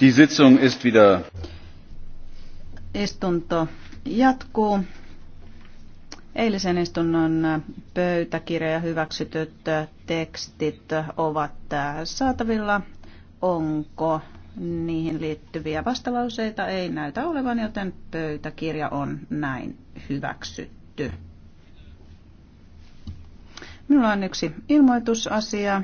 Die Sitzung ist wieder. Istunto jatkuu. Eilisen istunnon pöytäkirja ja hyväksytyt tekstit ovat saatavilla. Onko niihin liittyviä vastalauseita? Ei näytä olevan, joten pöytäkirja on näin hyväksytty. Minulla on yksi ilmoitusasia.